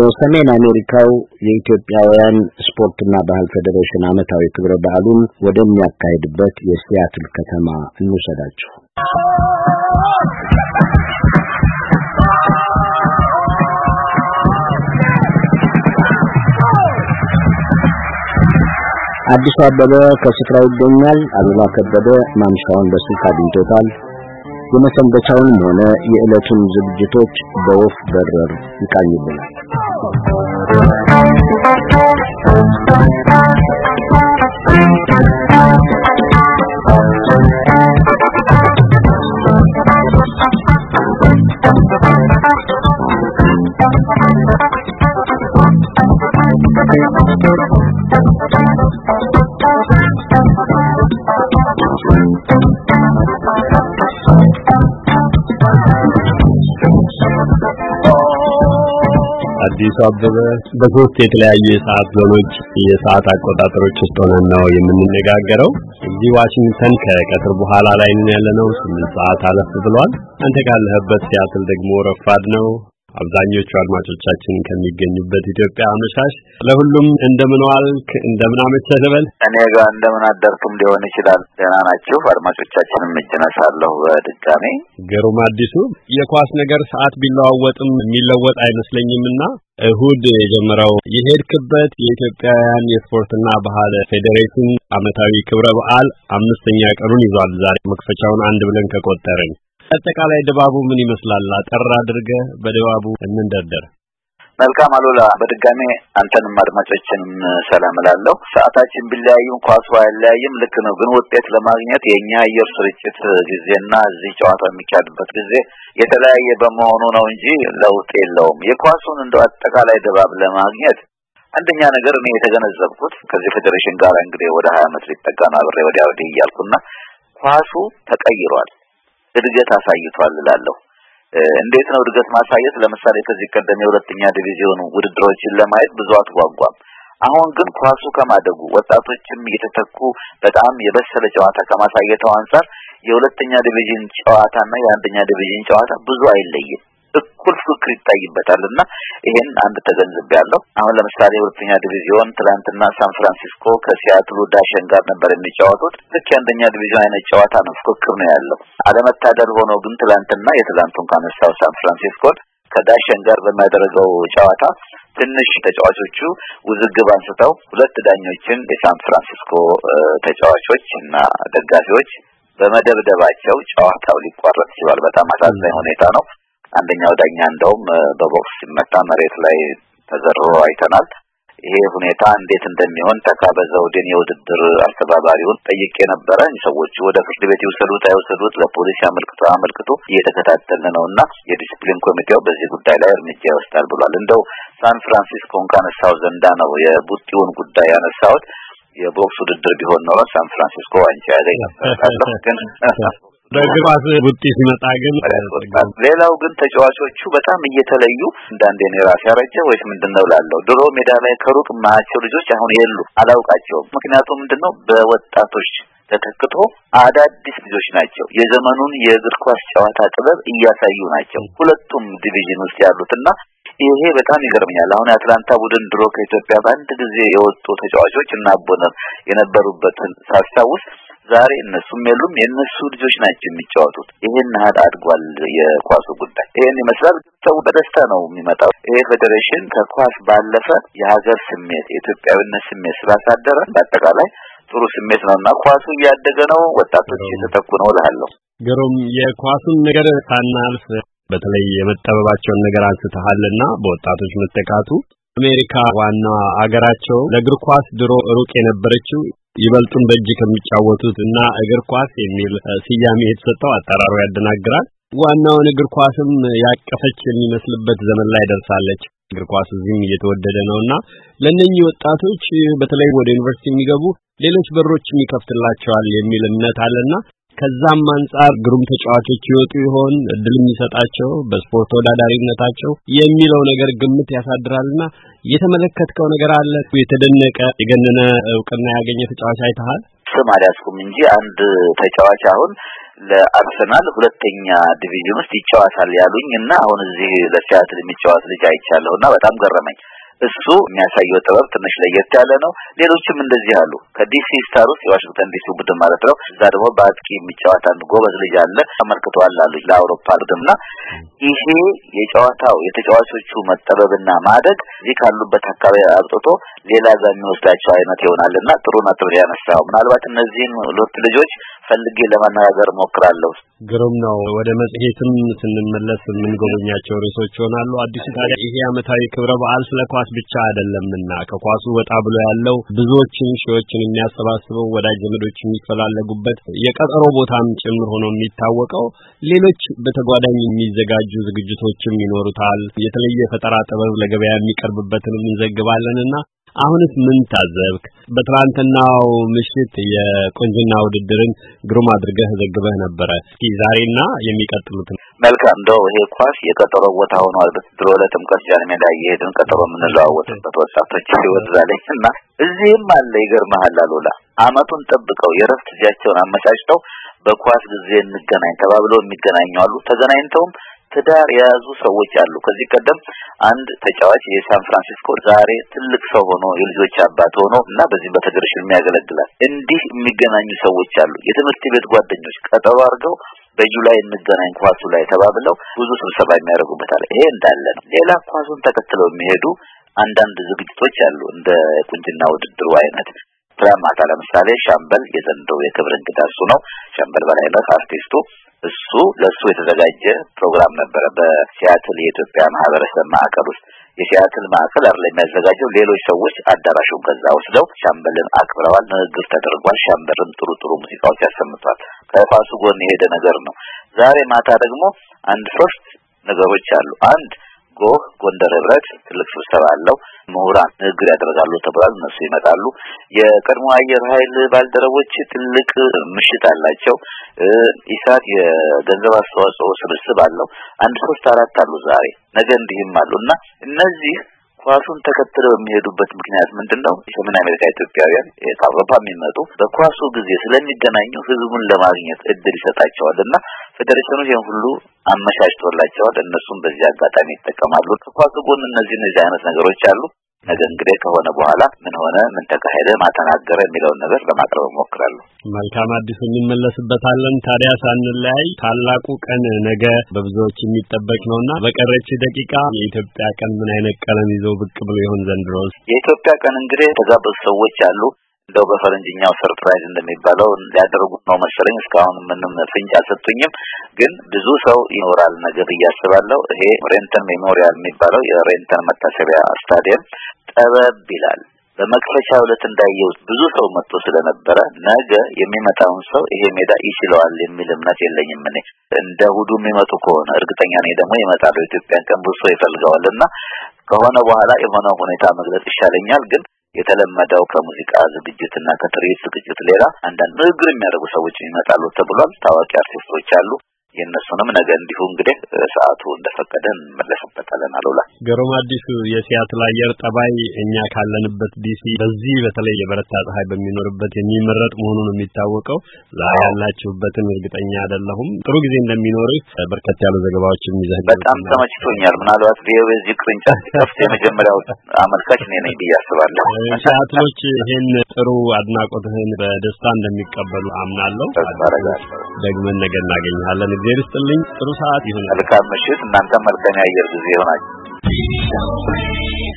የሰሜን አሜሪካው የኢትዮጵያውያን ስፖርትና ባህል ፌዴሬሽን ዓመታዊ ክብረ በዓሉን ወደሚያካሂድበት የሲያትል ከተማ እንውሰዳችሁ። አዲሱ አበበ ከስፍራው ይገኛል። አበባ ከበደ ማምሻውን በስልክ አግኝቶታል። የመሰንበቻውንም ሆነ የዕለቱን ዝግጅቶች በወፍ በረር ይቃኝብናል Thank you. አዲሱ አበበ በሶስት የተለያዩ የሰዓት ዞኖች የሰዓት አቆጣጠሮች ውስጥ ሆነን ነው የምንነጋገረው። እዚህ ዋሽንግተን ከቀትር በኋላ ላይ ነው ያለነው፣ ስምንት ሰዓት አለፍ ብሏል። አንተ ካለህበት ሲያትል ደግሞ ረፋድ ነው። አብዛኞቹ አድማጮቻችን ከሚገኙበት ኢትዮጵያ አመሻሽ ለሁሉም እንደምን ዋልክ እንደምን አመሸህ እኔ ጋ እንደምን አደርክም ሊሆን ይችላል። ደህና ናችሁ አድማጮቻችንም እጅ ነሳለሁ። በድጋሜ ግሩም አዲሱ የኳስ ነገር ሰዓት ቢለዋወጥም የሚለወጥ አይመስለኝም እሁድ የጀመረው የሄድክበት የኢትዮጵያውያን የስፖርትና ባህል ፌዴሬሽን አመታዊ ክብረ በዓል አምስተኛ ቀኑን ይዟል። ዛሬ መክፈቻውን አንድ ብለን ከቆጠርን አጠቃላይ ድባቡ ምን ይመስላል? አጠር አድርገህ በድባቡ እንንደርደር። መልካም አሉላ፣ በድጋሜ አንተንም አድማጮችንም ሰላም እላለሁ። ሰዓታችን ቢለያይም ኳሱ አይለያይም፣ ልክ ነው። ግን ውጤት ለማግኘት የእኛ አየር ስርጭት ጊዜና እዚህ ጨዋታ የሚካሄድበት ጊዜ የተለያየ በመሆኑ ነው እንጂ ለውጥ የለውም። የኳሱን እንደው አጠቃላይ ድባብ ለማግኘት አንደኛ ነገር እኔ የተገነዘብኩት ከዚህ ፌዴሬሽን ጋር እንግዲህ ወደ ሀያ ዓመት ሊጠጋ ነው አብሬ ወዲያ ወዲህ እያልኩና ኳሱ ተቀይሯል። እድገት አሳይቷል እላለሁ። እንዴት ነው እድገት ማሳየት? ለምሳሌ ከዚህ ቀደም የሁለተኛ ዲቪዚዮን ውድድሮችን ለማየት ብዙ አትጓጓም። አሁን ግን ኳሱ ከማደጉ ወጣቶችም እየተተኩ በጣም የበሰለ ጨዋታ ከማሳየተው አንጻር የሁለተኛ ዲቪዥን ጨዋታና የአንደኛ ዲቪዥን ጨዋታ ብዙ አይለይም። እኩል ፍክክር ይታይበታል እና ይሄን አንድ ተገንዝብ ያለው አሁን ለምሳሌ ሁለተኛ ዲቪዚዮን ትናንትና ሳን ፍራንሲስኮ ከሲያትሉ ዳሸን ጋር ነበር የሚጫወቱት። ልክ የአንደኛ ዲቪዚዮን አይነት ጨዋታ ነው፣ ፍክክር ነው ያለው። አለመታደል ሆኖ ግን ትናንትና የትናንቱን ካነሳው ሳን ፍራንሲስኮን ከዳሸን ጋር በሚያደርገው ጨዋታ ትንሽ ተጫዋቾቹ ውዝግብ አንስተው ሁለት ዳኞችን የሳን ፍራንሲስኮ ተጫዋቾች እና ደጋፊዎች በመደብደባቸው ጨዋታው ሊቋረጥ ይችላል። በጣም አሳዛኝ ሁኔታ ነው። አንደኛው ዳኛ እንደውም በቦክስ ሲመታ መሬት ላይ ተዘርሮ አይተናል። ይሄ ሁኔታ እንዴት እንደሚሆን ተካበ ዘውዴን የውድድር አስተባባሪውን ጠይቄ ነበረ። ሰዎች ወደ ፍርድ ቤት ይውሰዱት አይወሰዱት ለፖሊስ ያመልክቱ አመልክቱ እየተከታተልን ነው እና የዲስፕሊን ኮሚቴው በዚህ ጉዳይ ላይ እርምጃ ይወስዳል ብሏል። እንደው ሳን ፍራንሲስኮን ካነሳው ዘንዳ ነው የቡጢውን ጉዳይ ያነሳሁት። የቦክስ ውድድር ቢሆን ኖሮ ሳን ፍራንሲስኮ ዋንጫ ያገኝ ነበር። በግባት ውጤት ሲመጣ ግን ሌላው ግን ተጫዋቾቹ በጣም እየተለዩ እንዳንዴ እኔ ራሴ ያረጀ ወይስ ምንድነው ላለው ድሮ ሜዳ ላይ ከሩቅ ማያቸው ልጆች አሁን የሉ አላውቃቸውም። ምክንያቱም ምንድነው በወጣቶች ተተክቶ አዳዲስ ልጆች ናቸው። የዘመኑን የእግር ኳስ ጨዋታ ጥበብ እያሳዩ ናቸው ሁለቱም ዲቪዥን ውስጥ ያሉትና ይሄ በጣም ይገርምኛል። አሁን የአትላንታ ቡድን ድሮ ከኢትዮጵያ በአንድ ጊዜ የወጡ ተጫዋቾች እና አቦነር የነበሩበትን ሳስታውስ ዛሬ እነሱም የሉም። የእነሱ ልጆች ናቸው የሚጫወቱት። ይሄን ያህል አድጓል የኳሱ ጉዳይ። ይሄን ይመስላል። ሰው በደስታ ነው የሚመጣው። ይሄ ፌዴሬሽን ከኳስ ባለፈ የሀገር ስሜት፣ የኢትዮጵያዊነት ስሜት ስላሳደረ በአጠቃላይ ጥሩ ስሜት ነው እና ኳሱ እያደገ ነው። ወጣቶች እየተተኩ ነው እልሃለሁ። ግሩም የኳሱን ነገር ሳናልፍ በተለይ የመጠበባቸውን ነገር አንስተሃልና በወጣቶች መተካቱ አሜሪካ ዋና አገራቸው ለእግር ኳስ ድሮ ሩቅ የነበረችው ይበልጡን በእጅ ከሚጫወቱት እና እግር ኳስ የሚል ስያሜ የተሰጠው አጠራሩ ያደናግራል። ዋናውን እግር ኳስም ያቀፈች የሚመስልበት ዘመን ላይ ደርሳለች። እግር ኳስ እዚህም እየተወደደ ነውና ለእነኚህ ወጣቶች በተለይ ወደ ዩኒቨርሲቲ የሚገቡ ሌሎች በሮችም ይከፍትላቸዋል የሚል እምነት አለና ከዛም አንጻር ግሩም ተጫዋቾች ይወጡ ይሆን እድል የሚሰጣቸው በስፖርት ተወዳዳሪነታቸው የሚለው ነገር ግምት ያሳድራልና የተመለከትከው ነገር አለ? የተደነቀ የገነነ እውቅና ያገኘ ተጫዋች አይተሃል? ስም አልያዝኩም እንጂ አንድ ተጫዋች አሁን ለአርሰናል ሁለተኛ ዲቪዥን ውስጥ ይጫወታል ያሉኝ እና አሁን እዚህ ለሲያትል የሚጫወት ልጅ አይቻለሁ እና በጣም ገረመኝ። እሱ የሚያሳየው ጥበብ ትንሽ ለየት ያለ ነው። ሌሎችም እንደዚህ አሉ። ከዲሲ ስታር ውስጥ የዋሽንግተን ዲሲ ቡድን ማለት ነው። እዛ ደግሞ በአጥቂ የሚጫወት አንድ ጎበዝ ልጅ አለ። ተመልክተዋል አሉ ለአውሮፓ ቡድንና ይሄ የጨዋታው የተጫዋቾቹ መጠበብና ማደግ እዚህ ካሉበት አካባቢ አብጥቶ ሌላ እዛ የሚወስዳቸው አይነት ይሆናልና ጥሩ ነጥብ ያነሳው ምናልባት እነዚህን ሁለት ልጆች ፈልጌ ለመነጋገር ሞክራለሁ። ግሩም ነው። ወደ መጽሔትም ስንመለስ የምንጎበኛቸው ርዕሶች ይሆናሉ። አዲሱ ታዲያ ይሄ ዓመታዊ ክብረ በዓል ስለ ኳስ ብቻ አይደለምና ከኳሱ ወጣ ብሎ ያለው ብዙዎችን ሺዎችን የሚያሰባስበው ወዳጅ ዘመዶች የሚፈላለጉበት የቀጠሮ ቦታም ጭምር ሆኖ የሚታወቀው ሌሎች በተጓዳኝ የሚዘጋጁ ዝግጅቶችም ይኖሩታል። የተለየ ፈጠራ ጥበብ ለገበያ የሚቀርብበትንም እንዘግባለንና አሁንስ ምን ታዘብክ? በትናንትናው ምሽት የቁንጅና ውድድርን ግሩም አድርገህ ዘግበህ ነበረ። እስኪ ዛሬና የሚቀጥሉት መልካም እንደው ይሄ ኳስ የቀጠሮ ቦታ ሆኗል። ድሮ ለጥምቀት ጃን ሜዳ እየሄድን ቀጠሮ የምንለዋወጥበት ወጣቶች ህይወት ዛለኝ እና እዚህም አለ። ይገርምሃል አሉላ አመቱን ጠብቀው የረፍት ጊዜያቸውን አመቻችተው በኳስ ጊዜ እንገናኝ ተባብለው የሚገናኙ አሉ። ተገናኝተውም ትዳር የያዙ ሰዎች አሉ። ከዚህ ቀደም አንድ ተጫዋች የሳን ፍራንሲስኮ ዛሬ ትልቅ ሰው ሆኖ የልጆች አባት ሆኖ እና በዚህ በፌዴሬሽን የሚያገለግላል። እንዲህ የሚገናኙ ሰዎች አሉ። የትምህርት ቤት ጓደኞች ቀጠሮ አድርገው በጁላይ እንገናኝ ኳሱ ላይ ተባብለው ብዙ ስብሰባ የሚያደርጉበት አለ። ይሄ እንዳለ ነው። ሌላ ኳሱን ተከትለው የሚሄዱ አንዳንድ ዝግጅቶች አሉ፣ እንደ ቁንጅና ውድድሩ አይነት ትናንት ማታ ለምሳሌ ሻምበል የዘንድሮው የክብር እንግዳ እሱ ነው። ሻምበል በላይነህ አርቲስቱ እሱ ለእሱ የተዘጋጀ ፕሮግራም ነበረ በሲያትል የኢትዮጵያ ማህበረሰብ ማዕከል ውስጥ። የሲያትል ማዕከል አር የሚያዘጋጀው ሌሎች ሰዎች አዳራሹን ከዛ ወስደው ሻምበልን አክብረዋል። ንግግር ተደርጓል። ሻምበልም ጥሩ ጥሩ ሙዚቃዎች ያሰምቷል። ከፋሱ ጎን የሄደ ነገር ነው። ዛሬ ማታ ደግሞ አንድ ሶስት ነገሮች አሉ። አንድ ጎህ ጎንደር ህብረት ትልቅ ስብሰባ አለው። ምሁራን ንግግር ያደርጋሉ ተብሏል። እነሱ ይመጣሉ። የቀድሞ አየር ኃይል ባልደረቦች ትልቅ ምሽት አላቸው። ኢሳት የገንዘብ አስተዋጽኦ ስብስብ አለው። አንድ ሶስት አራት አሉ ዛሬ ነገ እንዲህም አሉ እና እነዚህ ኳሱን ተከትለው የሚሄዱበት ምክንያት ምንድን ነው? የሰሜን አሜሪካ ኢትዮጵያውያን ከአውሮፓ የሚመጡ በኳሱ ጊዜ ስለሚገናኙ ህዝቡን ለማግኘት እድል ይሰጣቸዋል እና ፌዴሬሽኑ ይህን ሁሉ አመቻችቶላቸዋል። እነሱም በዚህ አጋጣሚ ይጠቀማሉ። ከኳሱ ጎን እነዚህ እነዚህ አይነት ነገሮች አሉ። ነገ እንግዲህ ከሆነ በኋላ ምን ሆነ፣ ምን ተካሄደ፣ ማተናገረ የሚለውን ነገር ለማቅረብ እሞክራለሁ። መልካም አዲሱ፣ እንመለስበታለን። ታዲያ ሳንለያይ ታላቁ ቀን ነገ በብዙዎች የሚጠበቅ ነውና በቀረች ደቂቃ የኢትዮጵያ ቀን ምን አይነት ቀለም ይዞ ብቅ ብሎ ይሆን ዘንድሮስ? የኢትዮጵያ ቀን እንግዲህ የተጋበዙ ሰዎች አሉ። እንደው በፈረንጅኛው ሰርፕራይዝ እንደሚባለው ሊያደርጉ ነው መሰለኝ። እስካሁን ምንም ፍንጭ አልሰጡኝም፣ ግን ብዙ ሰው ይኖራል ነገ ብዬ አስባለሁ። ይሄ ሬንተን ሜሞሪያል የሚባለው የሬንተን መታሰቢያ ስታዲየም ጠበብ ይላል። በመክፈቻ ዕለት እንዳየሁት ብዙ ሰው መጥቶ ስለነበረ ነገ የሚመጣውን ሰው ይሄ ሜዳ ይችለዋል የሚል እምነት የለኝም። እኔ እንደ እሑዱ የሚመጡ ከሆነ እርግጠኛ ነኝ ደግሞ ይመጣሉ። ኢትዮጵያን ቀን ብዙ ሰው ይፈልገዋል እና ከሆነ በኋላ የሆነ ሁኔታ መግለጽ ይሻለኛል ግን የተለመደው ከሙዚቃ ዝግጅትና ከትርኢት ዝግጅት ሌላ አንዳንድ ንግግር የሚያደርጉ ሰዎች ይመጣሉ ተብሏል። ታዋቂ አርቲስቶች አሉ። የእነሱንም ነገ እንዲሁ እንግዲህ ሰዓቱ እንደፈቀደ እንመለስበታለን። አሉላ ገሮም አዲሱ የሲያትል አየር ጠባይ እኛ ካለንበት ዲሲ በዚህ በተለይ የበረታ ፀሐይ በሚኖርበት የሚመረጥ መሆኑን የሚታወቀው ዛሬ ያላችሁበትን እርግጠኛ አይደለሁም። ጥሩ ጊዜ እንደሚኖር በርከት ያሉ ዘገባዎች የሚዘግ በጣም ተመችቶኛል። ምናልባት ቪኦኤ እዚህ ቅርንጫፍ ሲከፍት የመጀመሪያው አመልካች እኔ ነኝ ብዬ አስባለሁ። ሲያትሎች ይህን ጥሩ አድናቆትህን በደስታ እንደሚቀበሉ አምናለሁ። ደግመን ነገ እናገኝሃለን። እግዜር ይስጥልኝ። ጥሩ ሰዓት ይሁን። መልካም ምሽት። እናንተ መልካም የአየር ጊዜ ይሆናል።